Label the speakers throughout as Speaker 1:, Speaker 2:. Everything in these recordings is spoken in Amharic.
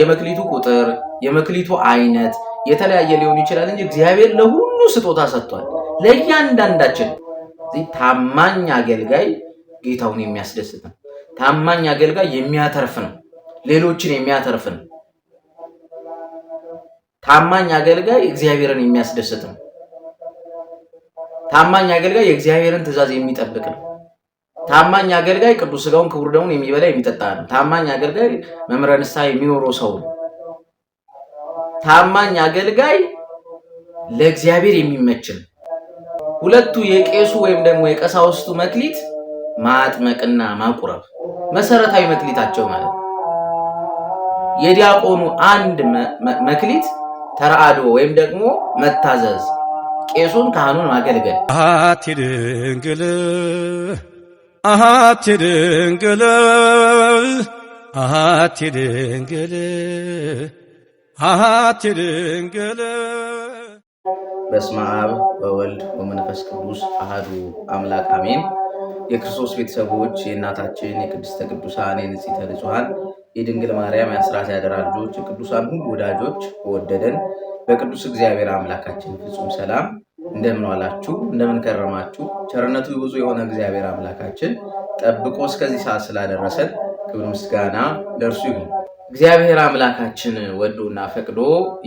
Speaker 1: የመክሊቱ ቁጥር፣ የመክሊቱ አይነት የተለያየ ሊሆን ይችላል እንጂ እግዚአብሔር ለሁሉ ስጦታ ሰጥቷል። ለእያንዳንዳችን ታማኝ አገልጋይ ጌታውን የሚያስደስት ነው። ታማኝ አገልጋይ የሚያተርፍ ነው፣ ሌሎችን የሚያተርፍ ነው። ታማኝ አገልጋይ እግዚአብሔርን የሚያስደስት ነው። ታማኝ አገልጋይ የእግዚአብሔርን ትእዛዝ የሚጠብቅ ነው። ታማኝ አገልጋይ ቅዱስ ስጋውን ክቡር ደሙን የሚበላ የሚጠጣ ነው። ታማኝ አገልጋይ መምህረ ንስሐ የሚኖረው ሰው ነው። ታማኝ አገልጋይ ለእግዚአብሔር የሚመች ነው። ሁለቱ የቄሱ ወይም ደግሞ የቀሳውስቱ መክሊት ማጥመቅና ማቁረብ መሰረታዊ መክሊታቸው ማለት ነው። የዲያቆኑ አንድ መክሊት ተራድኦ ወይም ደግሞ መታዘዝ፣ ቄሱን ካህኑን ማገልገል አሃቲ ድንግል
Speaker 2: አሃቲ ድንግል አሃቲ ድንግል። በስመ አብ በወልድ በመንፈስ ቅዱስ አህዱ አምላክ አሜን። የክርስቶስ ቤተሰቦች የእናታችን የቅድስተ ቅዱሳን የንጽሕተ ንጹሐን የድንግል ማርያም የአስራት ያደራ ልጆች የቅዱሳን ሁሉ ወዳጆች ወደደን በቅዱስ እግዚአብሔር አምላካችን ፍጹም ሰላም እንደምን ዋላችሁ፣ እንደምን ከረማችሁ። ቸርነቱ ብዙ የሆነ እግዚአብሔር አምላካችን ጠብቆ እስከዚህ ሰዓት ስላደረሰን ክብር ምስጋና ለእርሱ ይሁን። እግዚአብሔር አምላካችን ወዶና ፈቅዶ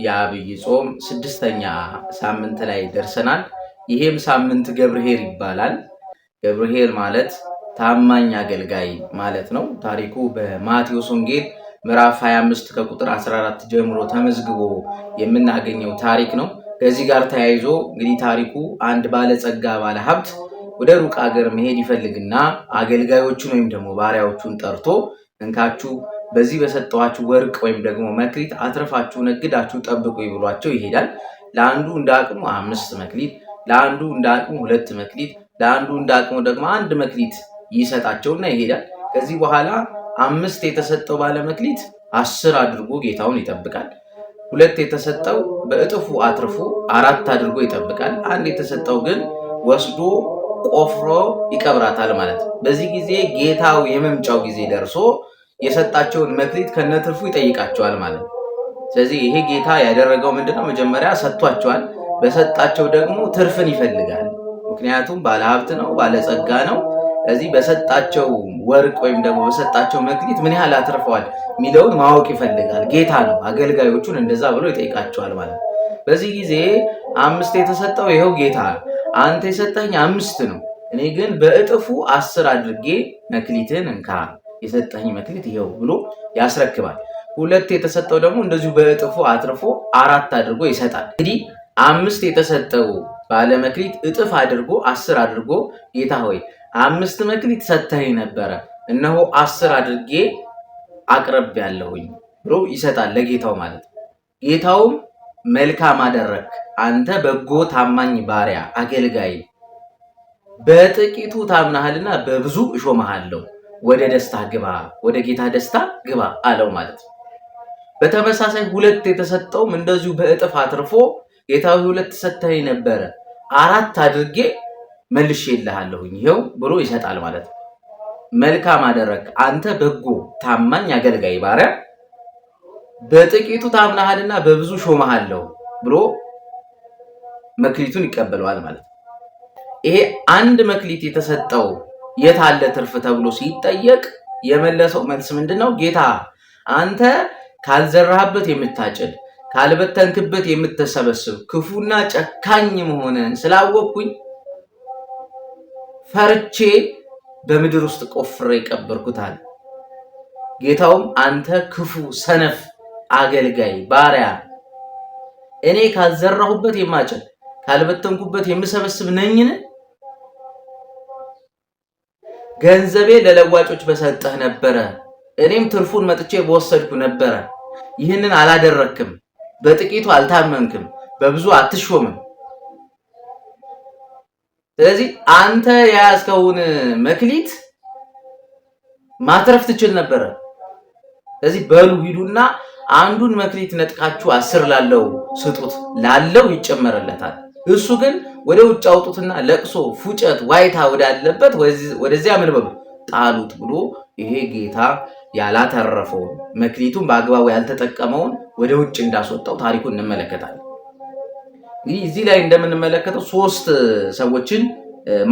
Speaker 2: የአብይ ጾም ስድስተኛ ሳምንት ላይ ደርሰናል። ይሄም ሳምንት ገብርሄር ይባላል። ገብርሄር ማለት ታማኝ አገልጋይ ማለት ነው። ታሪኩ በማቴዎስ ወንጌል ምዕራፍ 25 ከቁጥር 14 ጀምሮ ተመዝግቦ የምናገኘው ታሪክ ነው። ከዚህ ጋር ተያይዞ እንግዲህ ታሪኩ አንድ ባለጸጋ ባለ ሀብት ወደ ሩቅ ሀገር መሄድ ይፈልግና አገልጋዮቹን ወይም ደግሞ ባሪያዎቹን ጠርቶ እንካችሁ በዚህ በሰጠኋችሁ ወርቅ ወይም ደግሞ መክሊት አትረፋችሁ ነግዳችሁ ጠብቁ ብሏቸው ይሄዳል። ለአንዱ እንደ አቅሙ አምስት መክሊት፣ ለአንዱ እንደ አቅሙ ሁለት መክሊት፣ ለአንዱ እንደ አቅሙ ደግሞ አንድ መክሊት ይሰጣቸውና ይሄዳል። ከዚህ በኋላ አምስት የተሰጠው ባለመክሊት አስር አድርጎ ጌታውን ይጠብቃል። ሁለት የተሰጠው በእጥፉ አትርፎ አራት አድርጎ ይጠብቃል። አንድ የተሰጠው ግን ወስዶ ቆፍሮ ይቀብራታል ማለት ነው። በዚህ ጊዜ ጌታው የመምጫው ጊዜ ደርሶ የሰጣቸውን መክሊት ከነትርፉ ይጠይቃቸዋል ማለት ነው። ስለዚህ ይሄ ጌታ ያደረገው ምንድነው? መጀመሪያ ሰጥቷቸዋል። በሰጣቸው ደግሞ ትርፍን ይፈልጋል። ምክንያቱም ባለሀብት ነው፣ ባለጸጋ ነው። እዚህ በሰጣቸው ወርቅ ወይም ደግሞ በሰጣቸው መክሊት ምን ያህል አትርፈዋል የሚለውን ማወቅ ይፈልጋል። ጌታ ነው አገልጋዮቹን እንደዛ ብሎ ይጠይቃቸዋል ማለት ነው። በዚህ ጊዜ አምስት የተሰጠው ይኸው ጌታ አንተ የሰጠኝ አምስት ነው፣ እኔ ግን በእጥፉ አስር አድርጌ መክሊትን እንካ የሰጠኝ መክሊት ይኸው ብሎ ያስረክባል። ሁለት የተሰጠው ደግሞ እንደዚሁ በእጥፉ አትርፎ አራት አድርጎ ይሰጣል። እንግዲህ አምስት የተሰጠው ባለመክሊት እጥፍ አድርጎ አስር አድርጎ ጌታ ሆይ አምስት መክሊት ሰጥተኸኝ ነበረ፣ እነሆ አስር አድርጌ አቅርብ ያለሁኝ ብሎ ይሰጣል ለጌታው ማለት ነው። ጌታውም መልካም አደረክ አንተ በጎ ታማኝ ባሪያ አገልጋይ፣ በጥቂቱ ታምናሃልና በብዙ እሾመሃለሁ፣ ወደ ደስታ ግባ፣ ወደ ጌታ ደስታ ግባ አለው ማለት ነው። በተመሳሳይ ሁለት የተሰጠውም እንደዚሁ በእጥፍ አትርፎ ጌታዊ ሁለት ሰጥተኸኝ ነበረ አራት አድርጌ መልሼ እልሃለሁኝ ይኸው ብሎ ይሰጣል ማለት ነው። መልካም አደረግ አንተ በጎ ታማኝ አገልጋይ ባሪያ፣ በጥቂቱ ታምናሃልና በብዙ ሾመሃለሁ ብሎ መክሊቱን ይቀበለዋል ማለት ነው። ይሄ አንድ መክሊት የተሰጠው የት አለ ትርፍ ተብሎ ሲጠየቅ የመለሰው መልስ ምንድን ነው? ጌታ አንተ ካልዘራህበት የምታጭድ ካልበተንክበት የምትሰበስብ ክፉና ጨካኝ መሆንን ስላወቅኩኝ ፈርቼ በምድር ውስጥ ቆፍሬ ይቀብርኩታል አለ። ጌታውም አንተ ክፉ ሰነፍ አገልጋይ ባሪያ፣ እኔ ካልዘራሁበት የማጭድ ካልበተንኩበት የምሰበስብ ነኝን? ገንዘቤ ለለዋጮች በሰጠህ ነበረ፣ እኔም ትርፉን መጥቼ በወሰድኩ ነበረ። ይህንን አላደረክም። በጥቂቱ አልታመንክም፣ በብዙ አትሾምም። ስለዚህ አንተ የያዝከውን መክሊት ማትረፍ ትችል ነበረ። ስለዚህ በሉ ሂዱና አንዱን መክሊት ነጥቃችሁ አስር ላለው ስጡት፣ ላለው ይጨመረለታል እሱ ግን ወደ ውጭ አውጡትና ለቅሶ፣ ፉጨት፣ ዋይታ ወዳለበት ወደዚያ ምን በሉ ጣሉት ብሎ ይሄ ጌታ ያላተረፈውን መክሊቱን በአግባቡ ያልተጠቀመውን ወደ ውጭ እንዳስወጣው ታሪኩን እንመለከታለን። እንግዲህ እዚህ ላይ እንደምንመለከተው ሶስት ሰዎችን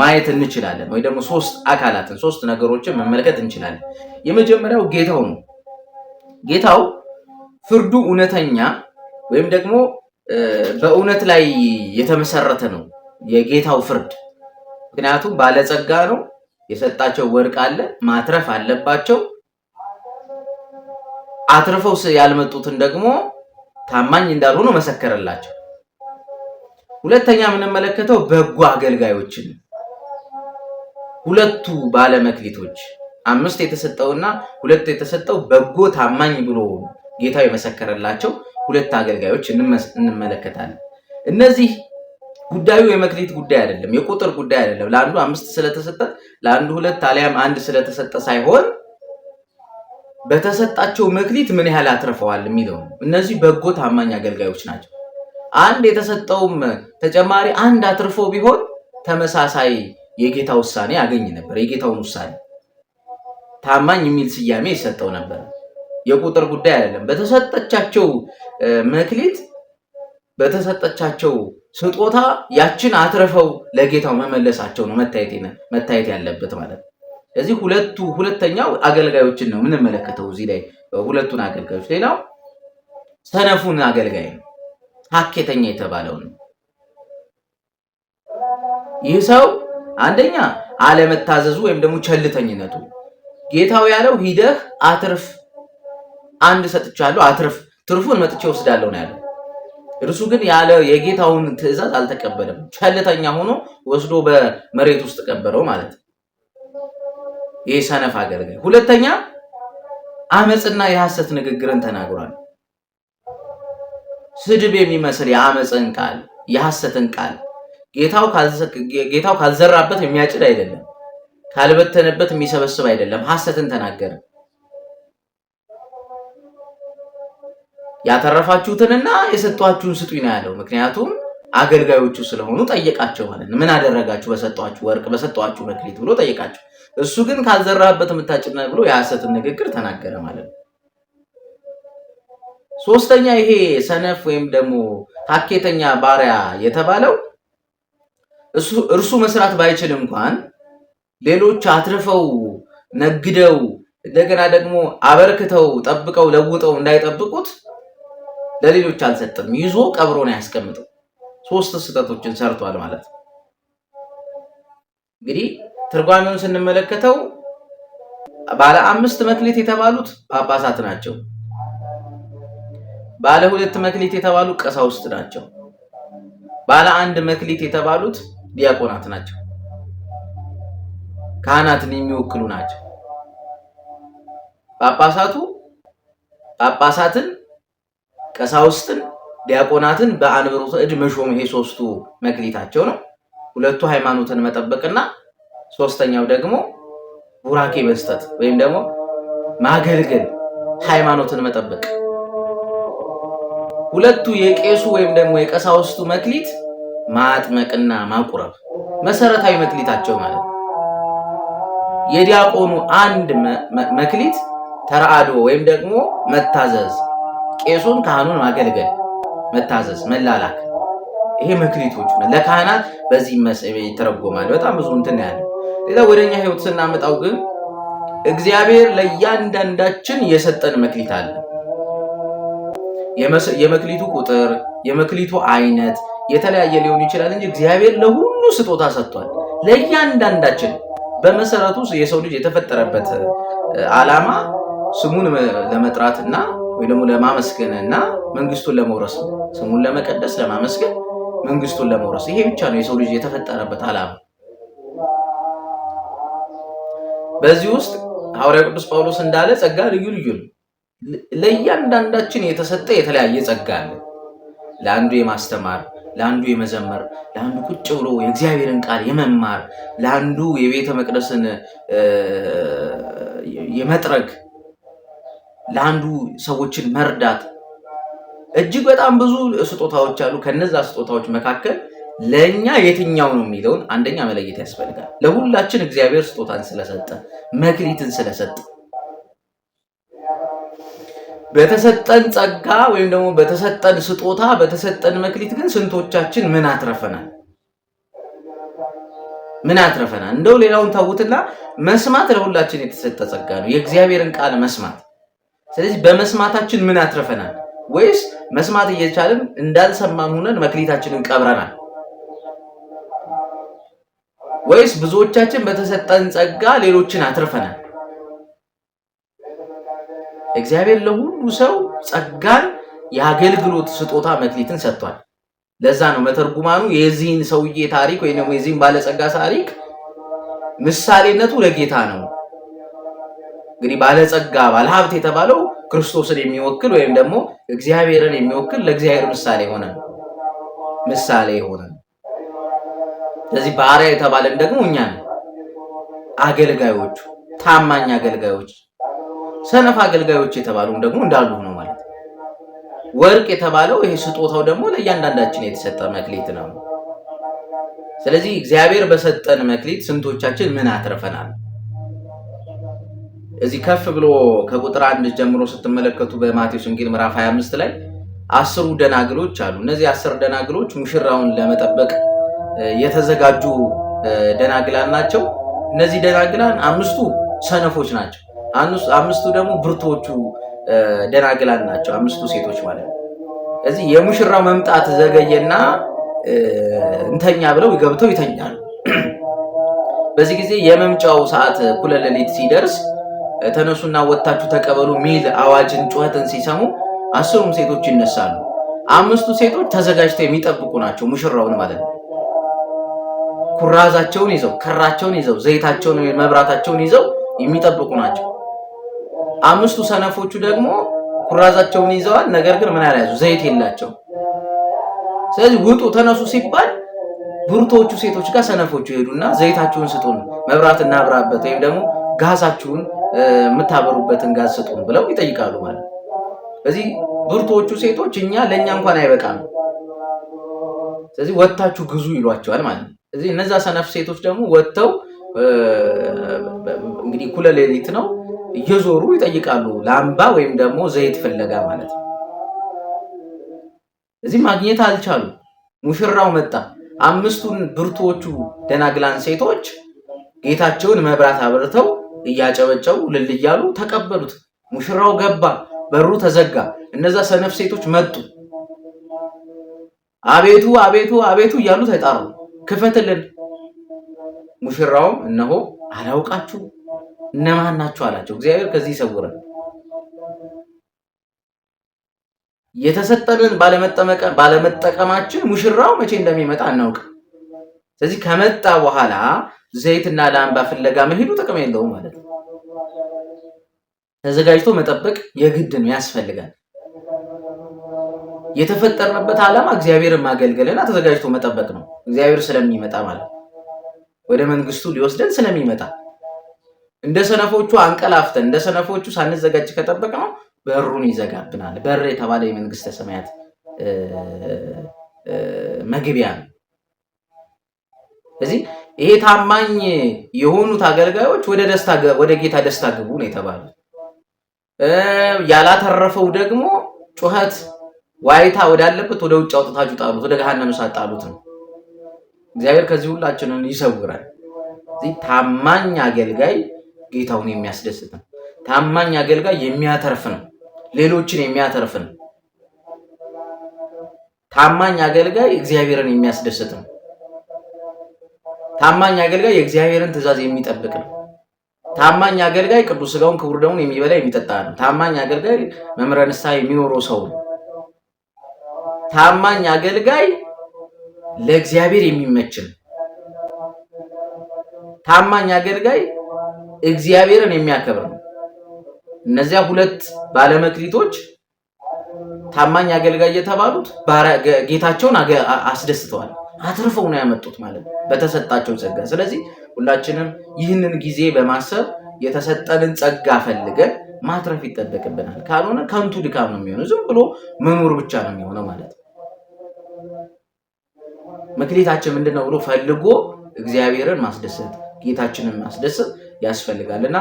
Speaker 2: ማየት እንችላለን፣ ወይ ደግሞ ሶስት አካላትን ሶስት ነገሮችን መመልከት እንችላለን። የመጀመሪያው ጌታው ነው። ጌታው ፍርዱ እውነተኛ ወይም ደግሞ በእውነት ላይ የተመሰረተ ነው የጌታው ፍርድ። ምክንያቱም ባለጸጋ ነው፣ የሰጣቸው ወርቅ አለ፣ ማትረፍ አለባቸው። አትርፈው ያልመጡትን ደግሞ ታማኝ እንዳልሆኑ መሰከረላቸው። ሁለተኛ የምንመለከተው በጎ አገልጋዮችን ሁለቱ ባለመክሊቶች አምስት የተሰጠውና ሁለት የተሰጠው በጎ ታማኝ ብሎ ጌታው የመሰከረላቸው ሁለት አገልጋዮች እንመለከታለን። እነዚህ ጉዳዩ የመክሊት ጉዳይ አይደለም፣ የቁጥር ጉዳይ አይደለም። ለአንዱ አምስት ስለተሰጠ ለአንዱ ሁለት አሊያም አንድ ስለተሰጠ ሳይሆን በተሰጣቸው መክሊት ምን ያህል አትርፈዋል የሚለው ነው። እነዚህ በጎ ታማኝ አገልጋዮች ናቸው። አንድ የተሰጠውም ተጨማሪ አንድ አትርፎ ቢሆን ተመሳሳይ የጌታ ውሳኔ ያገኝ ነበር። የጌታውን ውሳኔ ታማኝ የሚል ስያሜ ይሰጠው ነበር። የቁጥር ጉዳይ አይደለም። በተሰጠቻቸው መክሊት በተሰጠቻቸው ስጦታ ያችን አትርፈው ለጌታው መመለሳቸው ነው መታየት ያለበት ማለት ነው። ስለዚህ ሁለቱ ሁለተኛው አገልጋዮችን ነው የምንመለከተው እዚህ ላይ ሁለቱን አገልጋዮች። ሌላው ሰነፉን አገልጋይ ነው። ሀኬተኛ የተባለው ነው። ይህ ሰው አንደኛ አለመታዘዙ ወይም ደግሞ ቸልተኝነቱ፣ ጌታው ያለው ሂደህ አትርፍ፣ አንድ ሰጥቻለሁ፣ አትርፍ፣ ትርፉን መጥቼ ወስዳለሁ ነው ያለው። እርሱ ግን ያለ የጌታውን ትእዛዝ አልተቀበለም። ቸልተኛ ሆኖ ወስዶ በመሬት ውስጥ ቀበረው ማለት ነው። ይህ ሰነፍ አገልጋይ። ሁለተኛ አመፅና የሐሰት ንግግርን ተናግሯል። ስድብ የሚመስል የአመፅን ቃል የሐሰትን ቃል ጌታው ካልዘራበት የሚያጭድ አይደለም፣ ካልበተነበት የሚሰበስብ አይደለም። ሐሰትን ተናገረ። ያተረፋችሁትንና የሰጧችሁን ስጡ ነው ያለው። ምክንያቱም አገልጋዮቹ ስለሆኑ ጠየቃቸው ማለት ነው። ምን አደረጋችሁ? በሰጧችሁ ወርቅ፣ በሰጧችሁ መክሊት ብሎ ጠየቃቸው። እሱ ግን ካልዘራበት የምታጭድ ብሎ የሐሰትን ንግግር ተናገረ ማለት ነው። ሶስተኛ ይሄ ሰነፍ ወይም ደግሞ ታኬተኛ ባሪያ የተባለው እርሱ መስራት ባይችል እንኳን ሌሎች አትርፈው ነግደው እንደገና ደግሞ አበርክተው ጠብቀው ለውጠው እንዳይጠብቁት ለሌሎች አልሰጥም፣ ይዞ ቀብሮ ነው ያስቀምጠው። ሶስት ስህተቶችን ሰርቷል ማለት ነው። እንግዲህ ትርጓሚውን ስንመለከተው ባለ አምስት መክሊት የተባሉት ጳጳሳት ናቸው። ባለ ሁለት መክሊት የተባሉ ቀሳውስት ናቸው። ባለ አንድ መክሊት የተባሉት ዲያቆናት ናቸው። ካህናትን የሚወክሉ ናቸው። ጳጳሳቱ ጳጳሳትን፣ ቀሳውስትን፣ ዲያቆናትን በአንብሮተ እድ መሾም ይሄ ሶስቱ መክሊታቸው ነው። ሁለቱ ሃይማኖትን መጠበቅና ሶስተኛው ደግሞ ቡራኬ መስጠት ወይም ደግሞ ማገልገል ሃይማኖትን መጠበቅ ሁለቱ የቄሱ ወይም ደግሞ የቀሳውስቱ መክሊት ማጥመቅና ማቁረብ መሰረታዊ መክሊታቸው ማለት ነው። የዲያቆኑ አንድ መክሊት ተራድኦ ወይም ደግሞ መታዘዝ፣ ቄሱን ካህኑን ማገልገል፣ መታዘዝ፣ መላላክ ይሄ መክሊቶቹ ለካህናት በዚህ ይተረጎማል። በጣም ብዙ እንትን ያለ ሌላ ወደኛ ህይወት ስናመጣው ግን እግዚአብሔር ለእያንዳንዳችን የሰጠን መክሊት አለ። የመክሊቱ ቁጥር፣ የመክሊቱ አይነት የተለያየ ሊሆን ይችላል እንጂ እግዚአብሔር ለሁሉ ስጦታ ሰጥቷል። ለእያንዳንዳችን በመሰረቱ የሰው ልጅ የተፈጠረበት ዓላማ ስሙን ለመጥራትና ወይ ደግሞ ለማመስገን እና መንግስቱን ለመውረስ ነው። ስሙን ለመቀደስ፣ ለማመስገን፣ መንግስቱን ለመውረስ ይሄ ብቻ ነው የሰው ልጅ የተፈጠረበት ዓላማ። በዚህ ውስጥ ሐዋርያ ቅዱስ ጳውሎስ እንዳለ ጸጋ ልዩ ልዩ ነው። ለእያንዳንዳችን የተሰጠ የተለያየ ጸጋ አለ። ለአንዱ የማስተማር፣ ለአንዱ የመዘመር፣ ለአንዱ ቁጭ ብሎ የእግዚአብሔርን ቃል የመማር፣ ለአንዱ የቤተ መቅደስን የመጥረግ፣ ለአንዱ ሰዎችን መርዳት እጅግ በጣም ብዙ ስጦታዎች አሉ። ከነዛ ስጦታዎች መካከል ለእኛ የትኛው ነው የሚለውን አንደኛ መለየት ያስፈልጋል። ለሁላችን እግዚአብሔር ስጦታን ስለሰጠ መክሊትን ስለሰጠ በተሰጠን ጸጋ ወይም ደግሞ በተሰጠን ስጦታ በተሰጠን መክሊት ግን ስንቶቻችን ምን አትረፈናል? ምን አትረፈናል? እንደው ሌላውን ታውትና መስማት ለሁላችን የተሰጠ ጸጋ ነው፣ የእግዚአብሔርን ቃል መስማት። ስለዚህ በመስማታችን ምን አትረፈናል? ወይስ መስማት እየቻልን እንዳልሰማን ሆነን መክሊታችንን ቀብረናል? ወይስ ብዙዎቻችን በተሰጠን ጸጋ ሌሎችን አትርፈናል? እግዚአብሔር ለሁሉ ሰው ጸጋን የአገልግሎት ስጦታ መክሊትን ሰጥቷል። ለዛ ነው መተርጉማኑ የዚህን ሰውዬ ታሪክ ወይም ደግሞ የዚህን ባለጸጋ ታሪክ ምሳሌነቱ ለጌታ ነው። እንግዲህ ባለጸጋ ባለሀብት የተባለው ክርስቶስን የሚወክል ወይም ደግሞ እግዚአብሔርን የሚወክል ለእግዚአብሔር ምሳሌ ሆነ ምሳሌ ሆነ። ስለዚህ ባሪያ የተባለን ደግሞ እኛ ነው፣ አገልጋዮቹ ታማኝ አገልጋዮች ሰነፍ አገልጋዮች የተባሉም ደግሞ እንዳሉ ነው ማለት ወርቅ የተባለው ይሄ ስጦታው ደግሞ ለእያንዳንዳችን የተሰጠ መክሊት ነው። ስለዚህ እግዚአብሔር በሰጠን መክሊት ስንቶቻችን ምን አትርፈናል? እዚህ ከፍ ብሎ ከቁጥር አንድ ጀምሮ ስትመለከቱ በማቴዎስ ወንጌል ምዕራፍ 25 ላይ አስሩ ደናግሎች አሉ። እነዚህ አስር ደናግሎች ሙሽራውን ለመጠበቅ የተዘጋጁ ደናግላን ናቸው። እነዚህ ደናግላን አምስቱ ሰነፎች ናቸው። አምስቱ ደግሞ ብርቶቹ ደናግላን ናቸው። አምስቱ ሴቶች ማለት ነው። እዚህ የሙሽራው መምጣት ዘገየና እንተኛ ብለው ገብተው ይተኛሉ። በዚህ ጊዜ የመምጫው ሰዓት እኩለ ሌሊት ሲደርስ ተነሱና ወጥታችሁ ተቀበሉ ሚል አዋጅን፣ ጩኸትን ሲሰሙ አስሩም ሴቶች ይነሳሉ። አምስቱ ሴቶች ተዘጋጅተው የሚጠብቁ ናቸው፣ ሙሽራውን ማለት ነው። ኩራዛቸውን ይዘው፣ ከራቸውን ይዘው፣ ዘይታቸውን፣ መብራታቸውን ይዘው የሚጠብቁ ናቸው። አምስቱ ሰነፎቹ ደግሞ ኩራዛቸውን ይዘዋል። ነገር ግን ምን አልያዙ? ዘይት የላቸው። ስለዚህ ውጡ፣ ተነሱ ሲባል ብርቶቹ ሴቶች ጋር ሰነፎቹ ይሄዱና ዘይታችሁን ስጡን፣ መብራት እናብራበት፣ ወይም ደግሞ ጋዛችሁን የምታበሩበትን ጋዝ ስጡን ብለው ይጠይቃሉ ማለት። ስለዚህ ብርቶቹ ሴቶች እኛ ለእኛ እንኳን አይበቃም፣ ስለዚህ ወጥታችሁ ግዙ ይሏቸዋል ማለት ነው። ስለዚህ እነዛ ሰነፍ ሴቶች ደግሞ ወጥተው እንግዲህ እኩለ ሌሊት ነው እየዞሩ ይጠይቃሉ። ላምባ ወይም ደግሞ ዘይት ፍለጋ ማለት ነው። እዚህ ማግኘት አልቻሉ። ሙሽራው መጣ። አምስቱን ብርቱዎቹ ደናግላን ሴቶች ጌታቸውን መብራት አብርተው እያጨበጨቡ ልል እያሉ ተቀበሉት። ሙሽራው ገባ፣ በሩ ተዘጋ። እነዛ ሰነፍ ሴቶች መጡ። አቤቱ አቤቱ አቤቱ እያሉ ተጣሩ። ክፈትልን። ሙሽራውም እነሆ አላውቃችሁ እነማን ናቸው አላቸው። እግዚአብሔር ከዚህ ይሰውረን። የተሰጠንን ባለመጠቀማችን ሙሽራው መቼ እንደሚመጣ እናውቅ። ስለዚህ ከመጣ በኋላ ዘይትና ላምባ ፍለጋ መሄዱ ጥቅም የለውም ማለት ነው። ተዘጋጅቶ መጠበቅ የግድ ነው፣ ያስፈልጋል። የተፈጠርንበት ዓላማ እግዚአብሔርን ማገልገልና ተዘጋጅቶ መጠበቅ ነው። እግዚአብሔር ስለሚመጣ ማለት ወደ መንግስቱ ሊወስደን ስለሚመጣ እንደ ሰነፎቹ አንቀላፍተን እንደ ሰነፎቹ ሳንዘጋጅ ከጠበቅ ነው በሩን ይዘጋብናል። በር የተባለ የመንግስተ ሰማያት መግቢያ ነው። ስለዚህ ይሄ ታማኝ የሆኑት አገልጋዮች ወደ ደስታ ወደ ጌታ ደስታ ግቡ ነው የተባለ። ያላተረፈው ደግሞ ጩኸት፣ ዋይታ ወዳለበት ወደ ውጭ አውጥታችሁ ጣሉት፣ ወደ ገሃነም እሳት ጣሉት ነው። እግዚአብሔር ከዚህ ሁላችንን ይሰውራል። ታማኝ አገልጋይ ጌታውን የሚያስደስት ነው። ታማኝ አገልጋይ የሚያተርፍ ነው፣ ሌሎችን የሚያተርፍ ነው። ታማኝ አገልጋይ እግዚአብሔርን የሚያስደስት ነው። ታማኝ አገልጋይ የእግዚአብሔርን ትእዛዝ የሚጠብቅ ነው። ታማኝ አገልጋይ ቅዱስ ሥጋውን ክቡር ደሙን የሚበላ የሚጠጣ ነው። ታማኝ አገልጋይ መምህረ ንስሐ የሚኖረው ሰው ነው። ታማኝ አገልጋይ ለእግዚአብሔር የሚመች ነው። ታማኝ አገልጋይ እግዚአብሔርን የሚያከብር ነው። እነዚያ ሁለት ባለመክሊቶች ታማኝ አገልጋይ የተባሉት ጌታቸውን አስደስተዋል፣ አትርፈው ነው ያመጡት ማለት ነው በተሰጣቸው ጸጋ። ስለዚህ ሁላችንም ይህንን ጊዜ በማሰብ የተሰጠንን ጸጋ ፈልገን ማትረፍ ይጠበቅብናል። ካልሆነ ከንቱ ድካም ነው የሚሆነው፣ ዝም ብሎ መኖር ብቻ ነው የሚሆነው ማለት ነው። መክሊታችን ምንድን ነው ብሎ ፈልጎ እግዚአብሔርን ማስደሰት ጌታችንን ማስደሰት ያስፈልጋል እና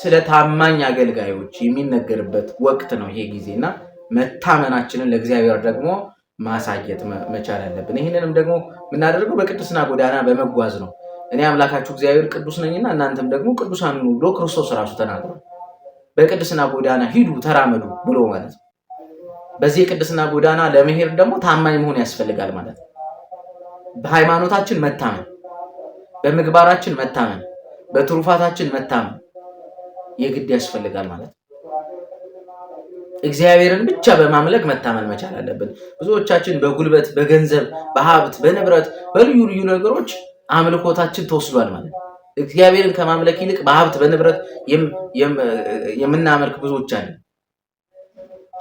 Speaker 2: ስለ ታማኝ አገልጋዮች የሚነገርበት ወቅት ነው ይሄ ጊዜና መታመናችንን ለእግዚአብሔር ደግሞ ማሳየት መቻል አለብን። ይህንንም ደግሞ የምናደርገው በቅድስና ጎዳና በመጓዝ ነው። እኔ አምላካችሁ እግዚአብሔር ቅዱስ ነኝና እናንተም ደግሞ ቅዱሳን ሁኑ ብሎ ክርስቶስ ራሱ ተናግሯል። በቅድስና ጎዳና ሂዱ ተራመዱ ብሎ ማለት ነው። በዚህ የቅድስና ጎዳና ለመሄድ ደግሞ ታማኝ መሆን ያስፈልጋል ማለት ነው። በሃይማኖታችን መታመን፣ በምግባራችን መታመን በትሩፋታችን መታመን የግድ ያስፈልጋል ማለት ነው። እግዚአብሔርን ብቻ በማምለክ መታመን መቻል አለብን። ብዙዎቻችን በጉልበት፣ በገንዘብ፣ በሀብት፣ በንብረት፣ በልዩ ልዩ ነገሮች አምልኮታችን ተወስዷል ማለት ነው። እግዚአብሔርን ከማምለክ ይልቅ በሀብት በንብረት የምናመልክ ብዙዎች አለ።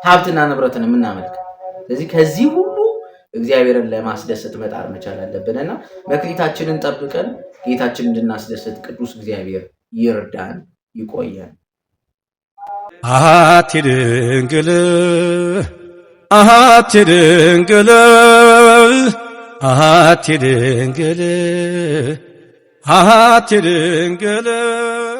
Speaker 2: ሀብትና ንብረትን የምናመልክ ስለዚህ ከዚህ ሁሉ እግዚአብሔርን ለማስደሰት መጣር መቻል አለብን እና መክሊታችንን ጠብቀን ጌታችን እንድናስደሰት ቅዱስ እግዚአብሔር ይርዳን። ይቆያል። አሃት ድንግል አሃት ድንግል አሃት ድንግል አሃት ድንግል